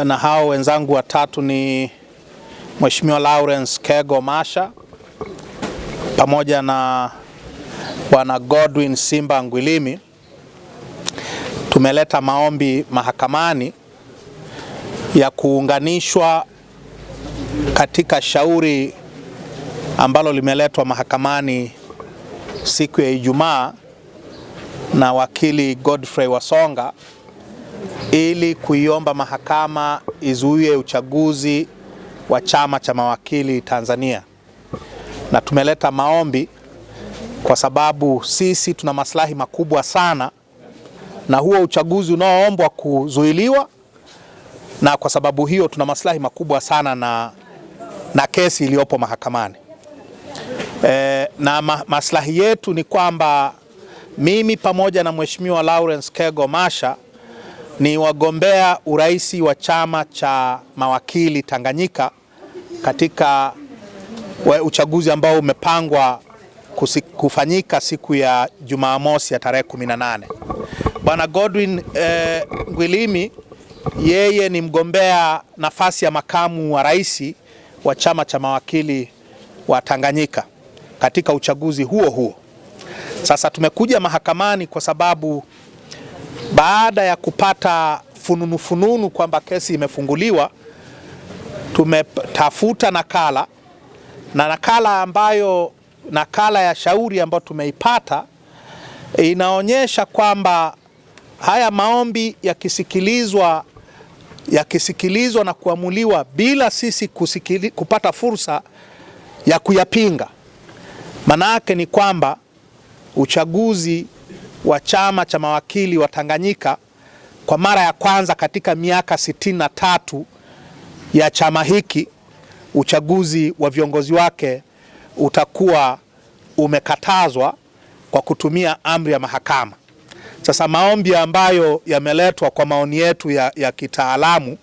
Eh, na hao wenzangu watatu ni Mheshimiwa Lawrence Kego Masha pamoja na Bwana Godwin Simba Ngwilimi. Tumeleta maombi mahakamani ya kuunganishwa katika shauri ambalo limeletwa mahakamani siku ya Ijumaa na wakili Godfrey Wasonga ili kuiomba mahakama izuie uchaguzi wa chama cha mawakili Tanzania. Na tumeleta maombi kwa sababu sisi tuna maslahi makubwa sana na huo uchaguzi unaoombwa kuzuiliwa, na kwa sababu hiyo tuna maslahi makubwa sana na, na kesi iliyopo mahakamani. E, na ma, maslahi yetu ni kwamba mimi pamoja na Mheshimiwa Lawrence Kego Masha ni wagombea urais wa chama cha mawakili Tanganyika katika uchaguzi ambao umepangwa kufanyika siku ya Jumamosi ya tarehe 18. Bwana Godwin eh, Ngwilimi yeye ni mgombea nafasi ya makamu wa rais wa chama cha mawakili wa Tanganyika katika uchaguzi huo huo. Sasa tumekuja mahakamani kwa sababu baada ya kupata fununu fununu kwamba kesi imefunguliwa, tumetafuta nakala na nakala ambayo nakala ya shauri ambayo tumeipata inaonyesha kwamba haya maombi yakisikilizwa yakisikilizwa na kuamuliwa bila sisi kusikili, kupata fursa ya kuyapinga, maana yake ni kwamba uchaguzi wa chama cha mawakili wa Tanganyika kwa mara ya kwanza katika miaka sitini na tatu ya chama hiki, uchaguzi wa viongozi wake utakuwa umekatazwa kwa kutumia amri ya mahakama. Sasa maombi ambayo yameletwa kwa maoni yetu ya, ya kitaalamu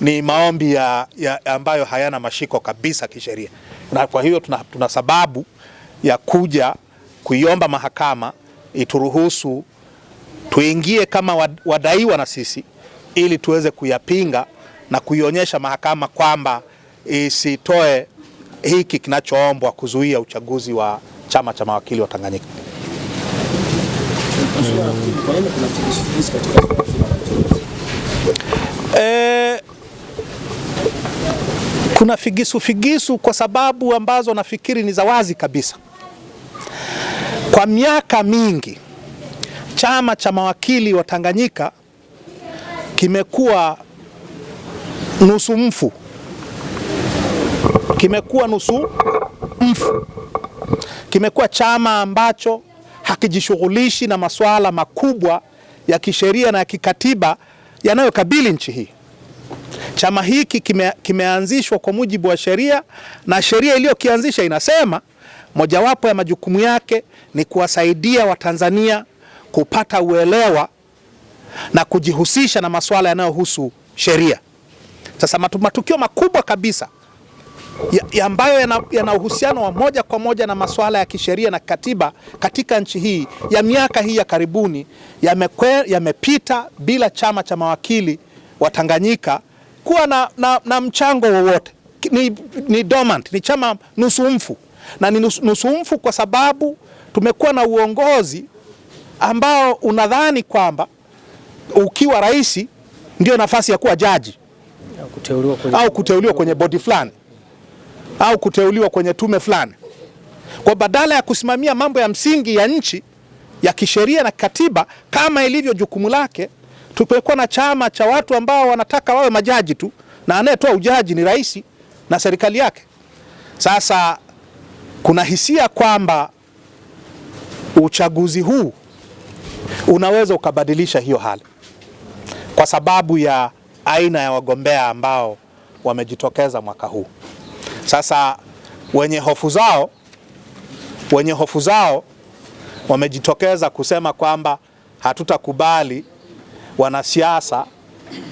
ni maombi ya, ya ambayo hayana mashiko kabisa kisheria, na kwa hiyo tuna, tuna sababu ya kuja kuiomba mahakama ituruhusu tuingie kama wadaiwa na sisi, ili tuweze kuyapinga na kuionyesha mahakama kwamba isitoe hiki kinachoombwa kuzuia uchaguzi wa chama cha mawakili wa Tanganyika. E, kuna figisu figisu kwa sababu ambazo nafikiri ni za wazi kabisa. Kwa miaka mingi chama cha mawakili wa Tanganyika kimekuwa nusu mfu, kimekuwa nusu mfu, kimekuwa chama ambacho hakijishughulishi na masuala makubwa ya kisheria na ya kikatiba yanayokabili nchi hii. Chama hiki kime, kimeanzishwa kwa mujibu wa sheria na sheria iliyokianzisha inasema Mojawapo ya majukumu yake ni kuwasaidia Watanzania kupata uelewa na kujihusisha na masuala yanayohusu sheria. Sasa matukio makubwa kabisa ya ambayo yana, yana uhusiano wa moja kwa moja na masuala ya kisheria na katiba katika nchi hii ya miaka hii ya karibuni yamepita ya bila chama cha mawakili wa Tanganyika kuwa na, na, na mchango wowote. Ni, ni dormant, ni chama nusu mfu na ni nusumfu kwa sababu tumekuwa na uongozi ambao unadhani kwamba ukiwa rais ndio nafasi ya kuwa jaji au kuteuliwa kwenye, au kuteuliwa kwenye bodi fulani au kuteuliwa kwenye tume fulani, kwa badala ya kusimamia mambo ya msingi ya nchi ya kisheria na katiba kama ilivyo jukumu lake. Tumekuwa na chama cha watu ambao wanataka wawe majaji tu na anayetoa ujaji ni rais na serikali yake. Sasa kuna hisia kwamba uchaguzi huu unaweza ukabadilisha hiyo hali kwa sababu ya aina ya wagombea ambao wamejitokeza mwaka huu. Sasa wenye hofu zao wenye hofu zao wamejitokeza kusema kwamba hatutakubali wanasiasa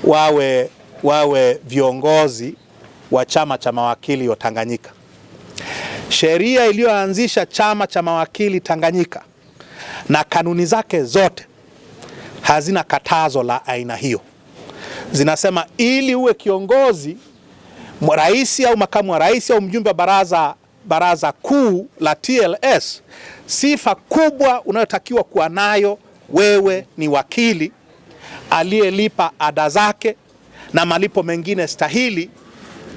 wawe wawe viongozi wa chama cha mawakili wa Tanganyika sheria iliyoanzisha chama cha mawakili Tanganyika na kanuni zake zote hazina katazo la aina hiyo. Zinasema ili uwe kiongozi, rais au makamu wa rais au mjumbe wa baraza baraza kuu la TLS, sifa kubwa unayotakiwa kuwa nayo wewe ni wakili aliyelipa ada zake na malipo mengine stahili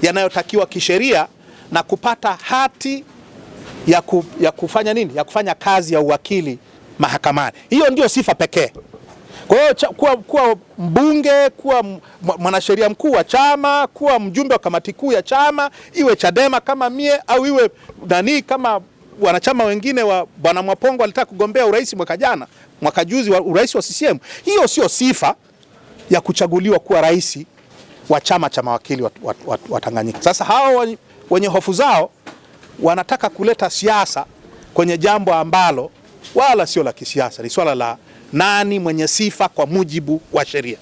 yanayotakiwa kisheria na kupata hati ya, ku, ya kufanya nini ya kufanya kazi ya uwakili mahakamani. Hiyo ndio sifa pekee. Kwa hiyo kuwa, kuwa mbunge, kuwa mwanasheria mkuu wa chama, kuwa mjumbe wa kamati kuu ya chama, iwe Chadema kama mie au iwe nani kama wanachama wengine wa Bwana Mwapongo alitaka kugombea urais mwaka jana, mwaka juzi wa urais wa CCM. Hiyo sio sifa ya kuchaguliwa kuwa rais wa chama cha mawakili wa Tanganyika. Sasa hao wenye hofu zao wanataka kuleta siasa kwenye jambo ambalo wala sio la kisiasa, ni swala la nani mwenye sifa kwa mujibu wa sheria.